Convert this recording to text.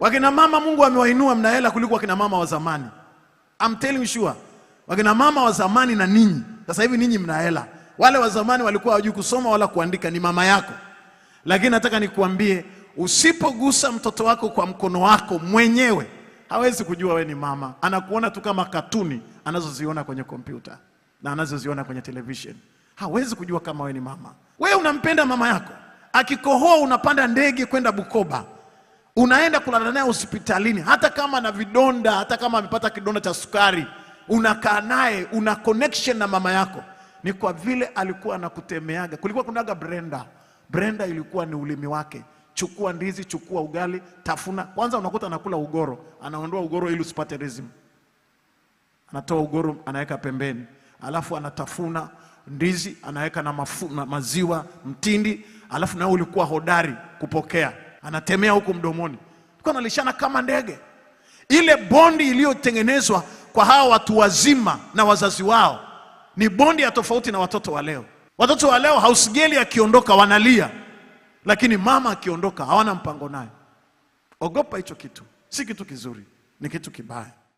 Wakina mama Mungu amewainua, mna hela kuliko wakina mama wa zamani. I'm telling you sure. Wakina mama wa zamani na ninyi sasa hivi ninyi mna hela. Wale wa zamani walikuwa hawajui kusoma wala kuandika, ni mama yako. Lakini nataka nikuambie, usipogusa mtoto wako kwa mkono wako mwenyewe hawezi kujua we ni mama. Anakuona tu kama katuni anazoziona kwenye kompyuta na anazoziona kwenye television. Hawezi kujua kama we ni mama. Wewe unampenda mama yako, akikohoa unapanda ndege kwenda Bukoba unaenda kulala naye hospitalini, hata kama na vidonda, hata kama amepata kidonda cha sukari, unakaa naye, una connection na mama yako. Ni kwa vile alikuwa anakutemeaga. Kulikuwa kunaga Brenda, Brenda ilikuwa ni ulimi wake, chukua ndizi, chukua ugali, tafuna kwanza. Unakuta anakula ugoro, anaondoa ugoro ili usipate rizim, anatoa ugoro, anaweka pembeni, alafu anatafuna ndizi, anaweka na mafu, maziwa, mtindi, alafu nawe ulikuwa hodari kupokea anatemea huku mdomoni, alikuwa analishana kama ndege. Ile bondi iliyotengenezwa kwa hawa watu wazima na wazazi wao ni bondi ya tofauti na watoto wa leo. Watoto wa leo hausgeli akiondoka wanalia, lakini mama akiondoka hawana mpango naye. Ogopa hicho kitu, si kitu kizuri, ni kitu kibaya.